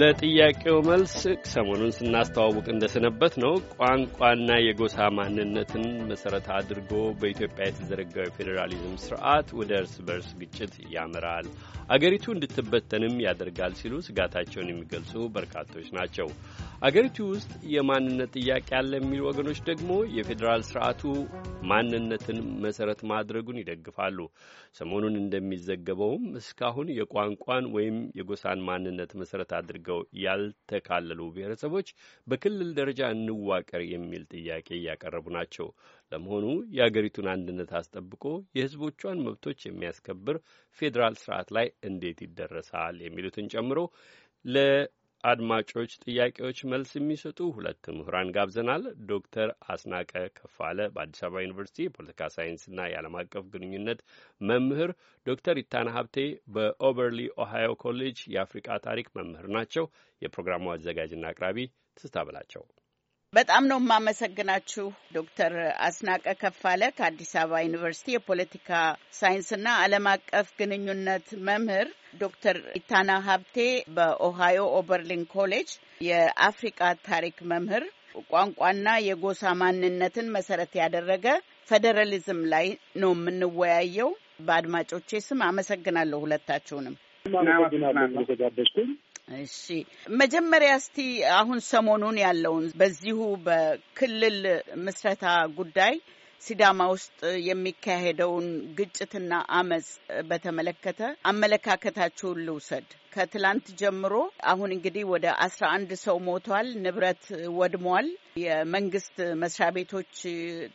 ለጥያቄው መልስ ሰሞኑን ስናስተዋውቅ እንደሰነበት ነው ቋንቋና የጎሳ ማንነትን መሰረት አድርጎ በኢትዮጵያ የተዘረጋው የፌዴራሊዝም ስርዓት ወደ እርስ በርስ ግጭት ያመራል፣ አገሪቱ እንድትበተንም ያደርጋል ሲሉ ስጋታቸውን የሚገልጹ በርካቶች ናቸው። አገሪቱ ውስጥ የማንነት ጥያቄ አለ የሚሉ ወገኖች ደግሞ የፌዴራል ስርዓቱ ማንነትን መሰረት ማድረጉን ይደግፋሉ። ሰሞኑን እንደሚዘገበውም እስካሁን የቋንቋን ወይም የጎሳን ማንነት መሰረት አድርገ አድርገው ያልተካለሉ ብሔረሰቦች በክልል ደረጃ እንዋቀር የሚል ጥያቄ እያቀረቡ ናቸው። ለመሆኑ የአገሪቱን አንድነት አስጠብቆ የሕዝቦቿን መብቶች የሚያስከብር ፌዴራል ስርዓት ላይ እንዴት ይደረሳል? የሚሉትን ጨምሮ አድማጮች ጥያቄዎች መልስ የሚሰጡ ሁለት ምሁራን ጋብዘናል። ዶክተር አስናቀ ከፋለ በአዲስ አበባ ዩኒቨርሲቲ የፖለቲካ ሳይንስና የዓለም አቀፍ ግንኙነት መምህር፣ ዶክተር ኢታና ሀብቴ በኦበርሊ ኦሃዮ ኮሌጅ የአፍሪቃ ታሪክ መምህር ናቸው። የፕሮግራሙ አዘጋጅና አቅራቢ ትስታ ብላቸው በጣም ነው የማመሰግናችሁ ዶክተር አስናቀ ከፋለ ከአዲስ አበባ ዩኒቨርሲቲ የፖለቲካ ሳይንስና ዓለም አቀፍ ግንኙነት መምህር፣ ዶክተር ኢታና ሀብቴ በኦሃዮ ኦበርሊን ኮሌጅ የአፍሪቃ ታሪክ መምህር፣ ቋንቋና የጎሳ ማንነትን መሰረት ያደረገ ፌዴራሊዝም ላይ ነው የምንወያየው። በአድማጮቼ ስም አመሰግናለሁ ሁለታችሁንም። እሺ መጀመሪያ እስቲ አሁን ሰሞኑን ያለውን በዚሁ በክልል ምስረታ ጉዳይ ሲዳማ ውስጥ የሚካሄደውን ግጭትና አመፅ በተመለከተ አመለካከታችሁን ልውሰድ። ከትላንት ጀምሮ አሁን እንግዲህ ወደ አስራ አንድ ሰው ሞቷል። ንብረት ወድሟል። የመንግስት መስሪያ ቤቶች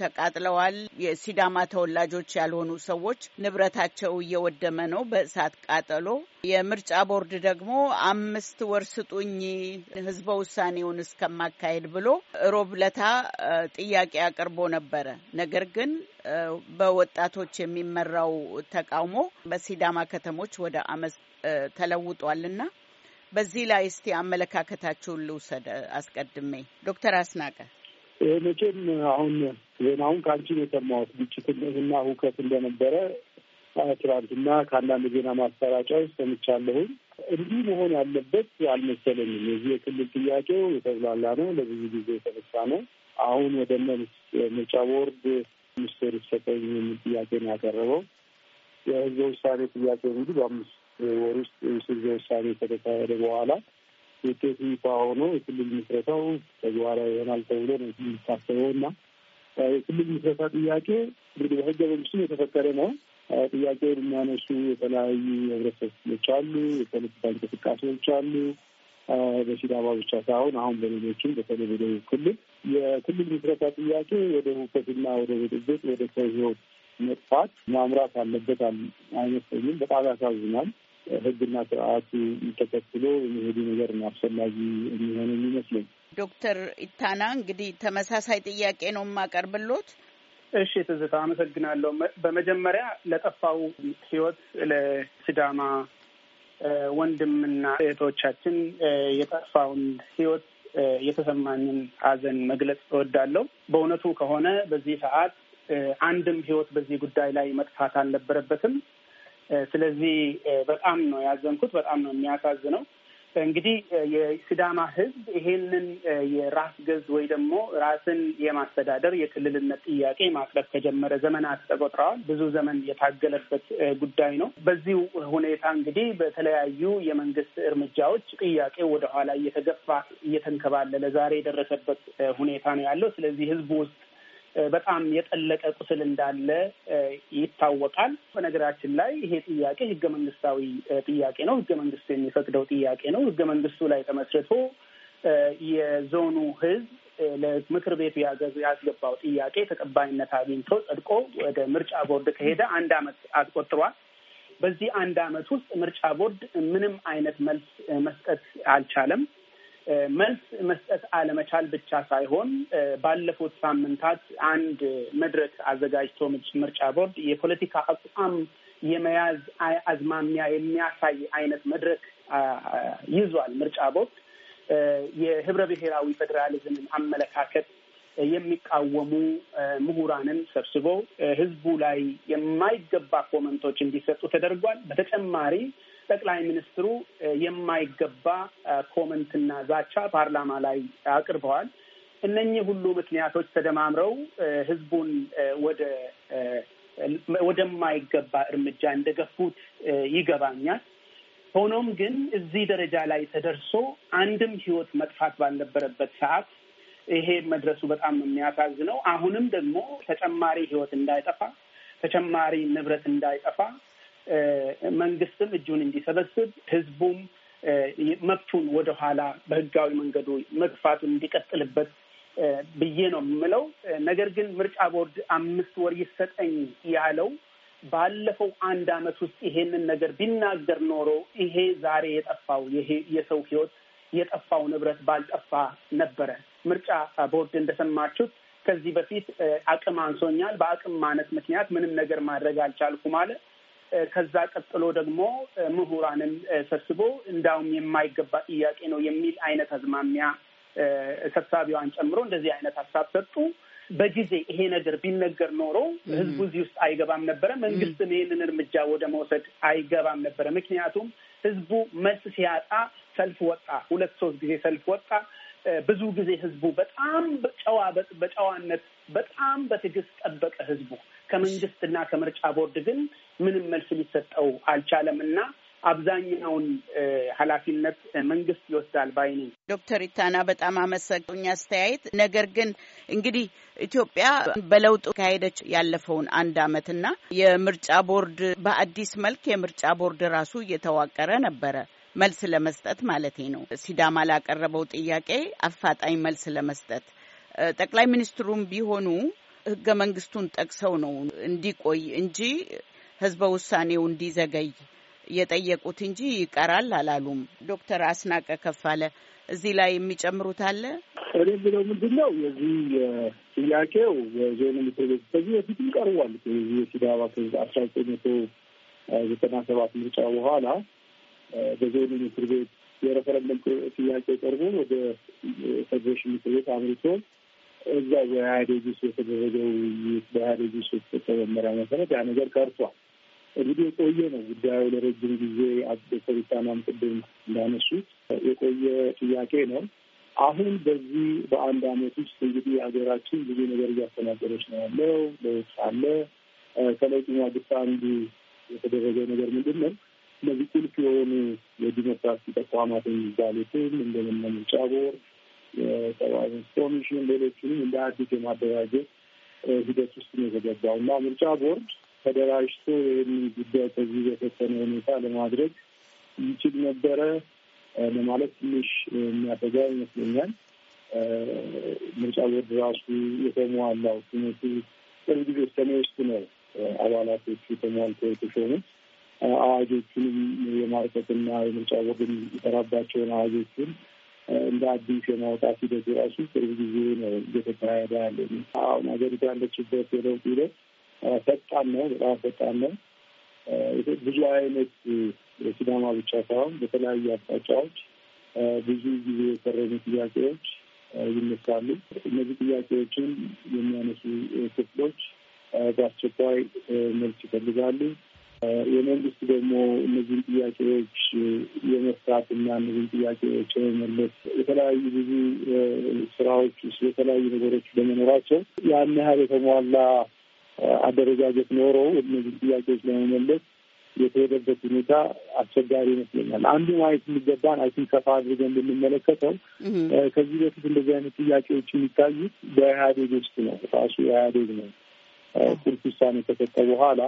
ተቃጥለዋል። የሲዳማ ተወላጆች ያልሆኑ ሰዎች ንብረታቸው እየወደመ ነው በእሳት ቃጠሎ። የምርጫ ቦርድ ደግሞ አምስት ወር ስጡኝ ህዝበ ውሳኔውን እስከማካሄድ ብሎ ሮብ ለታ ጥያቄ አቅርቦ ነበረ። ነገር ግን በወጣቶች የሚመራው ተቃውሞ በሲዳማ ከተሞች ወደ አመስ ተለውጧል እና በዚህ ላይ እስቲ አመለካከታችሁን ልውሰድ። አስቀድሜ ዶክተር አስናቀ መቼም አሁን ዜናውን ከአንቺ የሰማሁት ግጭትና ሁከት እንደነበረ ትናንትና ከአንዳንድ ዜና ማሰራጫዎች ሰምቻለሁኝ። እንዲህ መሆን ያለበት አልመሰለኝም። የዚህ የክልል ጥያቄው የተብላላ ነው፣ ለብዙ ጊዜ የተነሳ ነው። አሁን ወደ ምርጫ ቦርድ ሚኒስቴር ይሰጠኝ የሚል ጥያቄ ነው ያቀረበው። የህዝበ ውሳኔ ጥያቄ እንግዲህ በአምስት ወር ውስጥ ውስዘ ውሳኔ ከተካሄደ በኋላ ውጤቱ ይፋ ሆኖ የክልል ምስረታው ተግባራዊ ይሆናል ተብሎ ነው የሚታሰበው እና የክልል ምስረታ ጥያቄ እንግዲህ በህገ መንግስቱ የተፈቀደ ነው። ጥያቄውን የሚያነሱ የተለያዩ የህብረተሰብ ክፍሎች አሉ፣ የፖለቲካ እንቅስቃሴዎች አሉ። በሲዳማ ብቻ ሳይሆን አሁን በሌሎችም በተለይ በደቡብ ክልል የክልል ምስረታ ጥያቄ ወደ ሁከትና ወደ ብጥብጥ ወደ ሰው ህይወት መጥፋት ማምራት አለበት አይመስለኝም። በጣም ያሳዝናል። ህግና ስርዓቱ ተከትሎ የሚሄዱ ነገር አስፈላጊ የሚሆነ የሚመስለኝ። ዶክተር ኢታና እንግዲህ ተመሳሳይ ጥያቄ ነው የማቀርብሎት። እሺ ትዝታ አመሰግናለሁ። በመጀመሪያ ለጠፋው ህይወት ለሲዳማ ወንድምና እህቶቻችን የጠፋውን ህይወት የተሰማኝን ሀዘን መግለጽ እወዳለሁ። በእውነቱ ከሆነ በዚህ ሰዓት አንድም ህይወት በዚህ ጉዳይ ላይ መጥፋት አልነበረበትም። ስለዚህ በጣም ነው ያዘንኩት፣ በጣም ነው የሚያሳዝነው። እንግዲህ የሲዳማ ህዝብ ይሄንን የራስ ገዝ ወይ ደግሞ ራስን የማስተዳደር የክልልነት ጥያቄ ማቅረብ ከጀመረ ዘመናት ተቆጥረዋል። ብዙ ዘመን የታገለበት ጉዳይ ነው። በዚህ ሁኔታ እንግዲህ በተለያዩ የመንግስት እርምጃዎች ጥያቄው ወደኋላ እየተገፋ እየተንከባለለ ዛሬ የደረሰበት ሁኔታ ነው ያለው። ስለዚህ ህዝቡ ውስጥ በጣም የጠለቀ ቁስል እንዳለ ይታወቃል። በነገራችን ላይ ይሄ ጥያቄ ህገ መንግስታዊ ጥያቄ ነው። ህገ መንግስቱ የሚፈቅደው ጥያቄ ነው። ህገ መንግስቱ ላይ ተመስርቶ የዞኑ ህዝብ ለምክር ቤቱ ያስገባው ጥያቄ ተቀባይነት አግኝቶ ጸድቆ ወደ ምርጫ ቦርድ ከሄደ አንድ አመት አስቆጥሯል። በዚህ አንድ አመት ውስጥ ምርጫ ቦርድ ምንም አይነት መልስ መስጠት አልቻለም። መልስ መስጠት አለመቻል ብቻ ሳይሆን ባለፉት ሳምንታት አንድ መድረክ አዘጋጅቶ ምርጫ ቦርድ የፖለቲካ አቋም የመያዝ አዝማሚያ የሚያሳይ አይነት መድረክ ይዟል። ምርጫ ቦርድ የህብረ ብሔራዊ ፌዴራሊዝምን አመለካከት የሚቃወሙ ምሁራንን ሰብስቦ ህዝቡ ላይ የማይገባ ኮመንቶች እንዲሰጡ ተደርጓል። በተጨማሪ ጠቅላይ ሚኒስትሩ የማይገባ ኮመንትና ዛቻ ፓርላማ ላይ አቅርበዋል። እነኚህ ሁሉ ምክንያቶች ተደማምረው ህዝቡን ወደ ወደማይገባ እርምጃ እንደገፉት ይገባኛል። ሆኖም ግን እዚህ ደረጃ ላይ ተደርሶ አንድም ህይወት መጥፋት ባልነበረበት ሰዓት ይሄ መድረሱ በጣም የሚያሳዝነው አሁንም ደግሞ ተጨማሪ ህይወት እንዳይጠፋ ተጨማሪ ንብረት እንዳይጠፋ መንግስትም እጁን እንዲሰበስብ ህዝቡም መብቱን ወደኋላ በህጋዊ መንገዱ መግፋቱን እንዲቀጥልበት ብዬ ነው የምለው። ነገር ግን ምርጫ ቦርድ አምስት ወር ይሰጠኝ ያለው ባለፈው አንድ አመት ውስጥ ይሄንን ነገር ቢናገር ኖሮ ይሄ ዛሬ የጠፋው ይሄ የሰው ህይወት የጠፋው ንብረት ባልጠፋ ነበረ። ምርጫ ቦርድ እንደሰማችሁት ከዚህ በፊት አቅም አንሶኛል፣ በአቅም ማነት ምክንያት ምንም ነገር ማድረግ አልቻልኩም አለ። ከዛ ቀጥሎ ደግሞ ምሁራንን ሰብስቦ እንዳውም የማይገባ ጥያቄ ነው የሚል አይነት አዝማሚያ ሰብሳቢዋን ጨምሮ እንደዚህ አይነት ሀሳብ ሰጡ። በጊዜ ይሄ ነገር ቢነገር ኖሮ ህዝቡ እዚህ ውስጥ አይገባም ነበረ። መንግስትም ይህንን እርምጃ ወደ መውሰድ አይገባም ነበረ። ምክንያቱም ህዝቡ መልስ ሲያጣ ሰልፍ ወጣ። ሁለት ሶስት ጊዜ ሰልፍ ወጣ። ብዙ ጊዜ ህዝቡ በጣም ጨዋ በጨዋነት በጣም በትዕግስት ጠበቀ ህዝቡ ከመንግስትና ከምርጫ ቦርድ ግን ምንም መልስ ሊሰጠው አልቻለም እና አብዛኛውን ኃላፊነት መንግስት ይወስዳል ባይ ነኝ። ዶክተር ኢታና በጣም አመሰግኝ አስተያየት። ነገር ግን እንግዲህ ኢትዮጵያ በለውጥ ካሄደች ያለፈውን አንድ አመትና የምርጫ ቦርድ በአዲስ መልክ የምርጫ ቦርድ ራሱ እየተዋቀረ ነበረ መልስ ለመስጠት ማለቴ ነው። ሲዳማ ላቀረበው ጥያቄ አፋጣኝ መልስ ለመስጠት ጠቅላይ ሚኒስትሩም ቢሆኑ ህገ መንግስቱን ጠቅሰው ነው እንዲቆይ እንጂ ህዝበ ውሳኔው እንዲዘገይ የጠየቁት እንጂ ይቀራል አላሉም። ዶክተር አስናቀ ከፋለ እዚህ ላይ የሚጨምሩት አለ? እኔ ብለው ምንድን ነው የዚህ ጥያቄው የዞኑ ምክር ቤት ከዚህ በፊትም ቀርቧል። የዚህ የሲዳማ ክልል አስራ ዘጠኝ መቶ ዘጠና ሰባት ምርጫ በኋላ በዞኑ ምክር ቤት የረፈረንደም ጥያቄ ቀርቦ ወደ ፌዴሬሽን ምክር ቤት አምርቶ እዛ በኢህአዴግ ውስጥ የተደረገው ውይይት በኢህአዴግ ውስጥ የተመመሪያ መሰረት ያ ነገር ቀርቷል። እንግዲህ የቆየ ነው ጉዳዩ ለረጅም ጊዜ አቶ ሪታማም ቅድም እንዳነሱት የቆየ ጥያቄ ነው። አሁን በዚህ በአንድ አመት ውስጥ እንግዲህ ሀገራችን ብዙ ነገር እያስተናገረች ነው ያለው። ለውጥ አለ። ከለውጡ ማግስት አንዱ የተደረገ ነገር ምንድን ነው? እነዚህ ቁልፍ የሆኑ የዲሞክራሲ ተቋማት የሚባሉትን እንደምነ ምርጫ ቦርድ፣ የሰብአዊ ኮሚሽን፣ ሌሎችንም እንደ አዲስ የማደራጀት ሂደት ውስጥ ነው የተገባው እና ምርጫ ቦርድ ተደራጅቶ ይህንን ጉዳይ ከዚህ በተሰነ ሁኔታ ለማድረግ ይችል ነበረ ለማለት ትንሽ የሚያሰጋ ይመስለኛል። ምርጫ ቦርድ ራሱ የተሟላው ስሜቱ ቅርብ ጊዜ ሰኔ ውስጥ ነው አባላቶቹ ተሟልተው የተሾሙት። አዋጆቹንም የማርቀትና የምርጫ ቦርድ የሰራባቸውን አዋጆቹን እንደ አዲስ የማውጣት ሂደት ራሱ ቅርብ ጊዜ ነው እየተካሄደ ያለ። አሁን ሀገሪቱ ያለችበት የለውጥ ሂደት ፈጣን ነው፣ በጣም ፈጣን ነው። ብዙ አይነት የሲዳማ ብቻ ሳይሆን በተለያዩ አቅጣጫዎች ብዙ ጊዜ የቀረቡ ጥያቄዎች ይነሳሉ። እነዚህ ጥያቄዎችን የሚያነሱ ክፍሎች በአስቸኳይ መልስ ይፈልጋሉ። የመንግስት ደግሞ እነዚህን ጥያቄዎች የመፍታት እና እነዚህን ጥያቄዎች የመመለስ የተለያዩ ብዙ ስራዎች ውስጥ የተለያዩ ነገሮች በመኖራቸው ያን ያህል የተሟላ አደረጃጀት ኖረው እነዚህ ጥያቄዎች ለመመለስ የተሄደበት ሁኔታ አስቸጋሪ ይመስለኛል። አንዱ ማየት የሚገባን አይ ሰፋ አድርገን ብንመለከተው ከዚህ በፊት እንደዚህ አይነት ጥያቄዎች የሚታዩት በኢህአዴግ ውስጥ ነው። ራሱ ኢህአዴግ ነው ቁልፍ ውሳኔ ከሰጠ በኋላ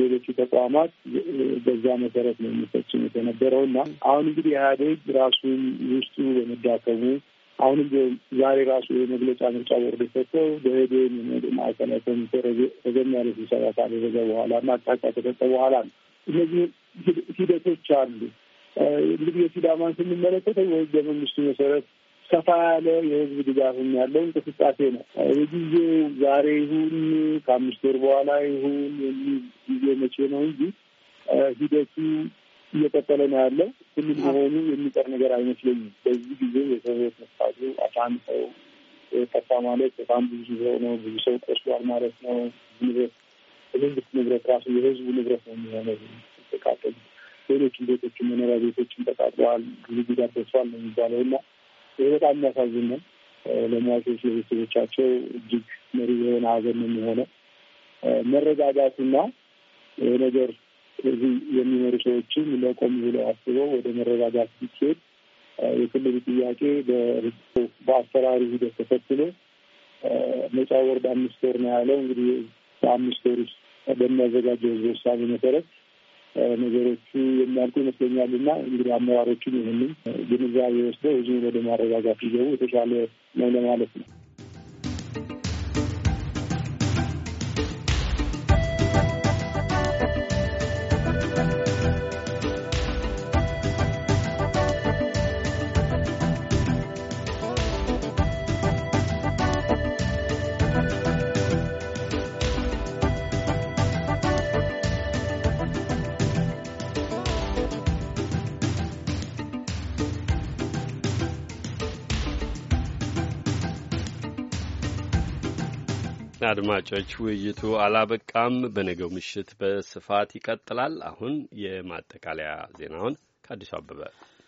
ሌሎቹ ተቋማት በዛ መሰረት ነው የሚፈጽሙት የነበረው እና አሁን እንግዲህ ኢህአዴግ ራሱን ውስጡ በመዳከሙ አሁንም ዛሬ ራሱ የመግለጫ ምርጫ ቦርድ ሰጥተው በሄዴን ማዕከላዊ ኮሚቴ ረዘም ያለ ስብሰባ ካደረገ በኋላ እና አቅጣጫ ከሰጠ በኋላ ነው። እነዚህ ሂደቶች አሉ። እንግዲህ የሲዳማን ስንመለከተው በህገ መንግስቱ መሰረት ሰፋ ያለ የህዝብ ድጋፍም ያለው እንቅስቃሴ ነው። የጊዜው ዛሬ ይሁን ከአምስት ወር በኋላ ይሁን የሚል ጊዜ መቼ ነው እንጂ ሂደቱ እየቀጠለ ነው ያለው። ሁሉም መሆኑ የሚቀር ነገር አይመስለኝም። በዚህ ጊዜ የሰው ሕይወት መጥፋቱ አስራ አንድ ሰው ጠፋ ማለት በጣም ብዙ ሰው ነው፣ ብዙ ሰው ቆስሏል ማለት ነው። ንብረት የመንግስት ንብረት ራሱ የህዝቡ ንብረት ነው የሚሆነው ተቃጠሉ። ሌሎችን ቤቶችን መኖሪያ ቤቶችን ተቃጥለዋል፣ ብዙ ጉዳት ደርሷል ነው የሚባለው እና ይህ በጣም የሚያሳዝን ነው። ለሟቾች ለቤተሰቦቻቸው እጅግ መሪ የሆነ ሀገር ነው የሚሆነው መረጋጋቱና ይህ ነገር እዚህ የሚኖሩ ሰዎችም ለቆም ብለው አስበው ወደ መረጋጋት ሲሄድ የክልሉ ጥያቄ በአሰራሩ ሂደት ተከትሎ መጫ ወርድ አምስት ወር ነው ያለው። እንግዲህ በአምስት ወር ውስጥ በሚያዘጋጀው ህዝብ ውሳኔ መሰረት ነገሮቹ የሚያልቁ ይመስለኛል እና እንግዲህ አመራሮችም ይህንም ግንዛቤ ወስደው ህዝቡ ወደ ማረጋጋት ይገቡ የተሻለ ነው ለማለት ነው። አድማጮች ውይይቱ አላበቃም። በነገው ምሽት በስፋት ይቀጥላል። አሁን የማጠቃለያ ዜናውን ከአዲሱ አበበ